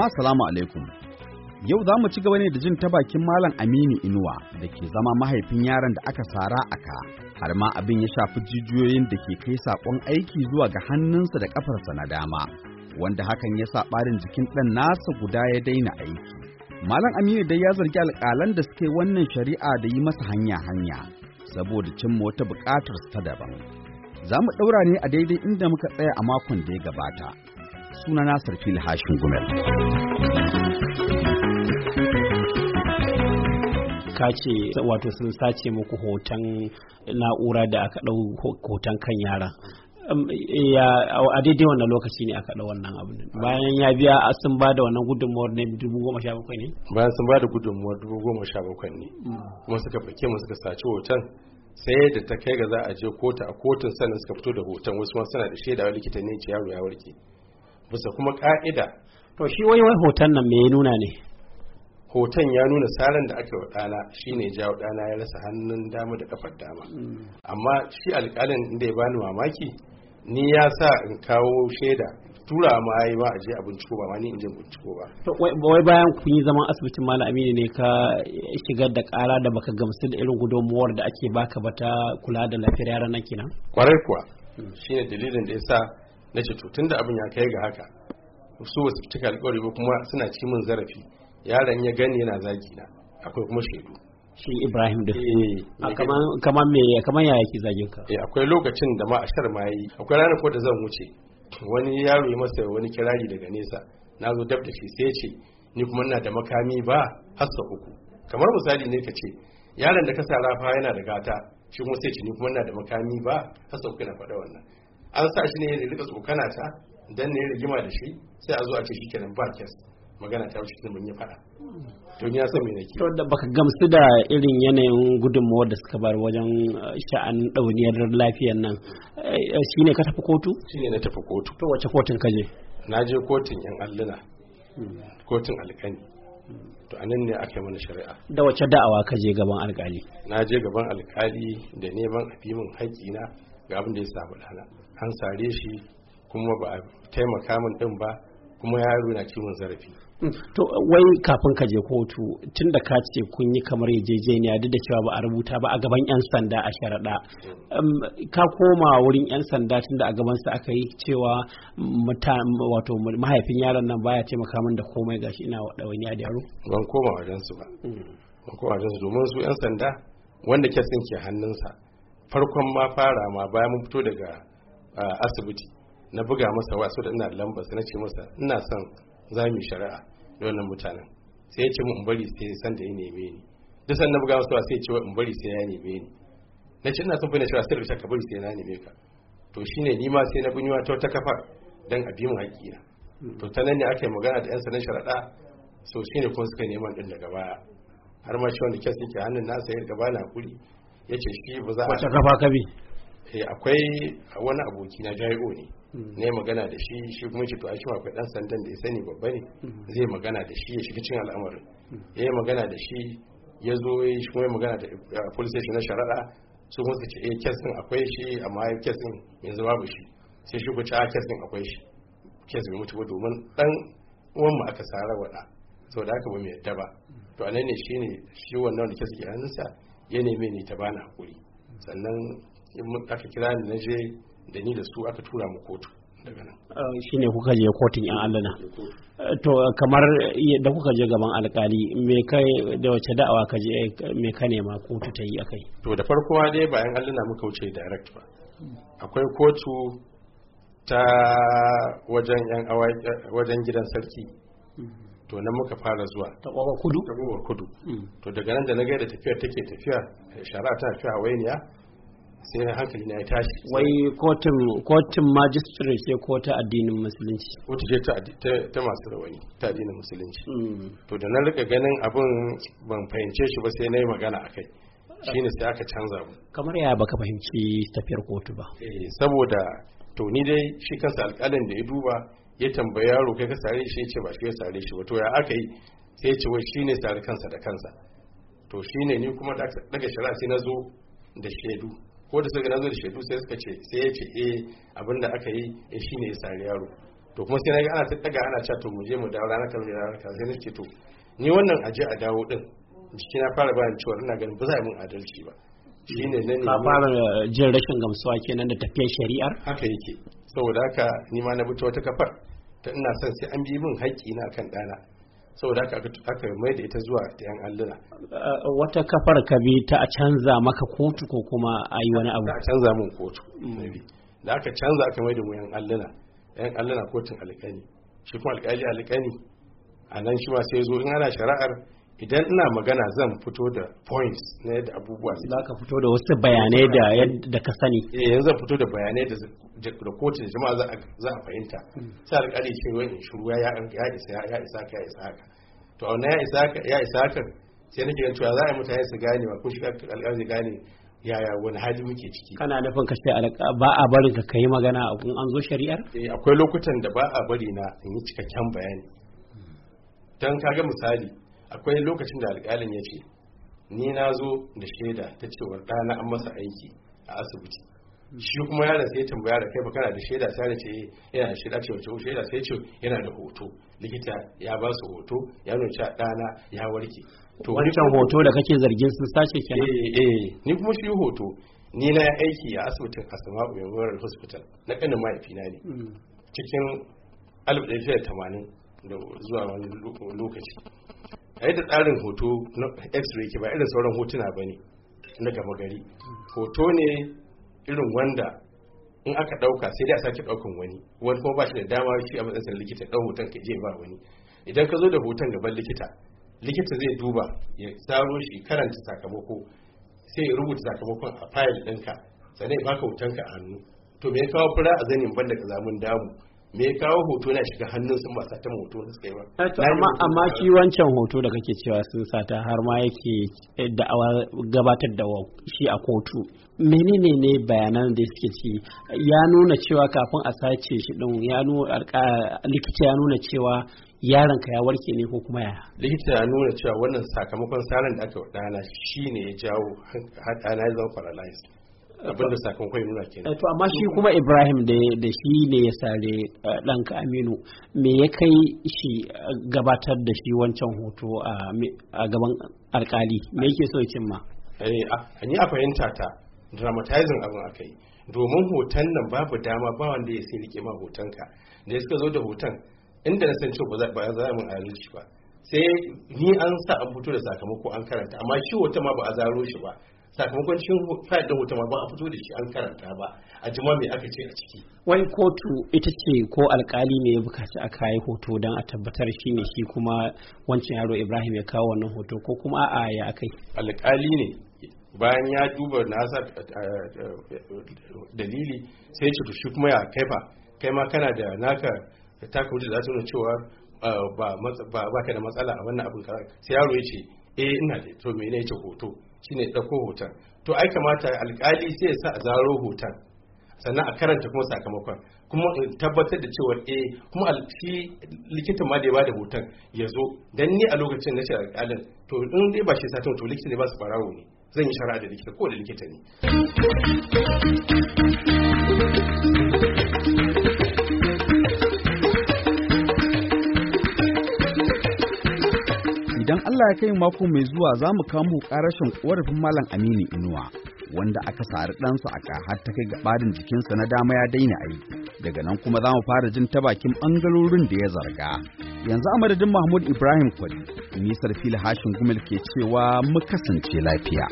jama'a salamu alaikum yau za mu ci gaba ne da jin ta bakin malam aminu inuwa da ke zama mahaifin yaran da aka sara a ka har ma abin ya shafi jijiyoyin da ke kai saƙon aiki zuwa ga hannunsa da ƙafarsa na dama wanda hakan ya sa ɓarin jikin ɗan nasa guda ya daina aiki malam aminu dai ya zargi alƙalan da suke wannan shari'a da yi masa hanya hanya saboda cimma wata buƙatar ta daban za mu ɗaura ne a daidai inda muka tsaya a makon da ya gabata suna Nasar Fil Hashin Gumel. Ka ce wato sun sace muku hoton na'ura da aka ɗau hoton kan yara. a daidai wannan lokaci ne aka ɗau wannan abin bayan ya biya sun ba da wannan gudunmuwar ne dubu goma sha bakwai ne bayan sun ba da gudunmuwar dubu goma sha bakwai ne kuma suka fake mu suka saci hoton sai da ta kai ga za a je kota a kotun sannan suka fito da hoton wasu ma suna da shaida likita ne ce yaro ya warke bisa kuma ka'ida to shi wai wai hoton nan me ya nuna ne hoton ya nuna saran da aka wa ɗana shine ya jawo ɗana ya rasa hannun dama da kafar dama mm. amma shi alƙalin da ya bani mamaki ni ya sa in kawo shaida tura ma yi ma aje a binciko ba ma ni in je binciko ba wai bayan kun yi zaman asibitin malam aminu ne ka shigar da ƙara da baka gamsu da irin gudunmuwar da ake baka ba ta kula da lafiyar yaran nan kenan kwarai kuwa mm. shine dalilin da yasa na ce to da abin ya kai ga haka su wasu cika alkawari ba kuma suna cikin min zarafi yaron ya gani yana zagi na akwai kuma shaidu shi Ibrahim da eh, kamar me kamar ya yake zagin ka eh, akwai lokacin da ma shar ma yi akwai ranar ko da zan wuce wani yaro ya masa wani kirari daga nesa na zo dab da shi sai ce ni kuma ina da makami ba hassa uku kamar misali ne ka ce yaron da ka sa rafa yana da gata shi kuma sai ce ni kuma ina da makami ba hassa uku na faɗa wannan an sa shi ne ya rika tsokana ta dan ne rigima da shi sai a zo a ce shi kenan ba kes magana ta wuce mun ya fada to ya san me nake to da baka gamsu da irin yanayin gudunmawar da suka bar wajen eh, sha'an dauniyar lafiyar nan eh, shine ka tafi kotu shine na tafi kotu to wace kotun ka je na je kotun yan alluna hmm. kotun alkani to anan ne aka yi mana shari'a da wace da'awa ka je gaban alkali na je gaban alkali da neman abimin haƙƙina ga abin da ya samu dana an sare shi kuma ba a taimaka min din ba kuma yaro na ciwon zarafi hmm. to wai kafin ka je kotu tun da ka ce kun yi kamar yarjejeniya duk da cewa ba a rubuta ba a gaban yan sanda a sharaɗa um, ka koma wurin yan sanda tun da a gaban sa aka yi cewa wato mahaifin yaron nan baya taimaka min da komai gashi ina ɗawainiya a yaro ban koma wajen su ba hmm. ban koma wajen su domin su yan sanda wanda sun ke hannunsa farkon ma fara ma bayan mun fito daga asibiti na buga masa wa da ina lambar sai na ce masa ina son za mu shari'a da wannan mutanen sai ya ce mu in bari sai san da ya neme ni duk san na buga masa wa sai ya ce in bari sai ya neme ni na ce ina son fina shari'a sai ka bari sai na neme ka to shine ni ma sai na bunyiwa ta kafa dan a bi mu na to ta nan ne aka yi magana da yan sanin shari'a so shine kuma suka neman din daga baya har ma shi wanda kes yake hannun nasa ya gaba na kuri ya ce shi ba za a wacce kafa kabi eh, akwai wani aboki na jai'o ne hmm. ne magana da shi shi kuma ce to a cewa akwai dan sandan da ya sani babba ne hmm. zai magana da shi ya shiga cikin al'amarin hmm. ya yi magana da shi ya zo ya shi kuma ya magana da eh, police station na shari'a su kuma su ce eh kesin akwai shi amma kesin yanzu babu shi sai shi ku ce a ah, akwai shi kes bai mutu ba domin dan uwan mu aka sara wada saboda haka ba mai yadda ba to anan ne ne shi wannan da kes ke hannunsa ya neme ni ta bani hakuri sannan in aka kira ni na je da ni da su aka tura mu kotu daga nan ah, ne kuka je kotun yan na eh, to kamar da kuka je gaban alkali me kai da wace da'awa ka je me ka nema kotu ta yi akai to da farko dai bayan allah na muka wuce direct ba akwai kotu ta wajen yan wajen gidan sarki hmm. to nan muka fara zuwa ta kwakwar kudu ta kwakwar kudu mm. to daga nan da na gaida tafiyar take tafiya shara ta tafiya hawainiya sai na hankali na ya tashi wai kotun kotun magistrate sai ko ta addinin musulunci ko ta ta masu rawani ta addinin musulunci mm. to da na rika ganin abin ban fahimce shi ba sai na yi magana a akai shine sai aka canza mu kamar ya baka fahimci tafiyar kotu ba eh, saboda to ni dai shi kansa alƙalin da ya duba ya tambaya yaro kai ka sare shi ce ba shi ya sare shi ba to ya aka yi sai ce wai shine sare kansa da kansa to shine ni kuma da daga shari'a sai nazo zo da shaidu ko da suka nazo da shaidu sai suka ce sai ya ce eh abinda aka yi eh shine ya sare yaro to kuma sai na ga ana ta daga ana cewa to mu je mu dawo ranar kan ranar kan sai na ce to ni wannan aje a dawo din jiki na fara bayan cewa ina ganin ba za a yi mun adalci ba shine na ne ka fara eh, jin rashin gamsuwa kenan da tafiyar shari'ar haka yake saboda haka ni ma na bi wata kafar ta ina son sai an bi min haƙƙi na kan ɗana saboda haka aka mai da ita zuwa da yan alluna eh, wata kafar ka bi ta a canza maka kotu ko kuma a yi wani abu a canza min kotu da aka canza aka mai da mu yan alluna yan alluna kotun alƙani shi kuma alƙali alƙani a nan shi ma sai zo in ana shari'ar idan ina magana zan fito da points na yadda abubuwa su ka fito da wasu bayanai da yadda ka sani eh yanzu zan fito da bayanai da da kotun jama'a za a fahimta sai alƙali ce wai in shuru ya ya isa ya isa ka ya isa ka. to a ya isa ka ya isa ka sai nake ganin cewa za a yi mutane su gane ma ko shi ka zai gane yaya wani hali muke ciki kana nufin ka ce ba a barin ka kai magana a kun an zo shari'ar eh akwai lokutan da ba a bari na in yi cikakken bayani dan kaga misali akwai lokacin da alƙalin ya ce ni na zo da shaida ta cewar ɗana an masa aiki a asibiti shi kuma yaron sai tambaya da kai kana da shaida sai ce yana eh, da shaida ce wace shaida sai ce yana da hoto likita ya ba su hoto ya nuna ɗana ya warke to wancan hoto da kake zargin sun sace kenan eh eh ni kuma shi hoto ni na aiki a asibitin Asma'u Memorial Hospital na kanin mahaifina ne hmm. cikin 1980 da zuwa wani lokaci a da tsarin hoto na x-ray ke ba irin sauran hotuna ba ne na gama gari hoto ne irin wanda in aka dauka sai dai a sake daukan wani wani kuma ba shi da dama shi a matsayin likita dan hoton ka je ba wani idan ka zo da hoton gaban likita likita zai duba ya tsaro shi karanta sakamako sai ya rubuta sakamakon a fayil ɗinka sannan ya baka hotonka a hannu to me ya kawo fura a zanin banda ka zamun damu me ya kawo hoto na shiga hannun sun ba sata hoto da suka yi ba eh, amma amma shi wancan hoto da kake cewa sun sata har ma yake eh, da'awa gabatar da shi a kotu menene ne bayanan da suke ci ya nuna cewa kafin a sace shi din ya nuna likita ya nuna cewa yaron ka ya warke ne ko kuma ya likita ya nuna cewa wannan sakamakon saran da aka wadana shine ya jawo hadana ya zama paralyzed abinda sakamakon nuna kenan eh, to amma shi kuma Ibrahim da shi ne ya sare eh, ɗanka Aminu me ya kai shi eh, gabatar da shi wancan hoto a gaban alkali me yake so ma cimma ni a fahimta ta dramatizing abin aka yi domin hoton nan babu dama ba wanda ya sai rike ma hotonka da ya suka zo da hoton inda na san cewa ba za a mun ba sai ni an sa an fito da sakamako an karanta amma shi hoton ma ba a zaro shi ba sakamakon cin fayil da hoton ba a fito da shi an karanta ba a jima mai aka ce a ciki wai kotu ita ce ko alkali ne ya bukaci a kayi hoto don a tabbatar shi ne shi kuma wancan yaro ibrahim ya kawo wannan hoto ko kuma a ya akai alkali ne bayan ya duba nasa eh, eh, dalili sai ya ce shi kuma ya kai fa kai ma kana da naka taka wuce da za nuna cewa eh, ba ka da matsala a wannan abin sai yaro ya ce eh ina da to me ne ya ce hoto shine ɗauko hoton to ai kamata alkali sai ya sa a zaro hoton sannan a karanta kuma sakamakon kuma in tabbatar da cewa eh kuma shi likitan ma da ya bada hoton ya zo dan ni a lokacin na shi alƙalin to in dai ba shi satin to likita ne ba su barawo ne zan yi shara da likita ko da likita ne idan Allah ya kai mako mai zuwa za mu kamo rashin ƙorafin Malam Aminu Inuwa wanda aka sari ɗansa a har ta kai gabarin jikinsa na dama ya daina aiki daga nan kuma za mu fara jin ta bakin ɓangarorin da ya zarga yanzu a madadin mahmud ibrahim kwari nisar fili hashin gumel ke cewa mu kasance lafiya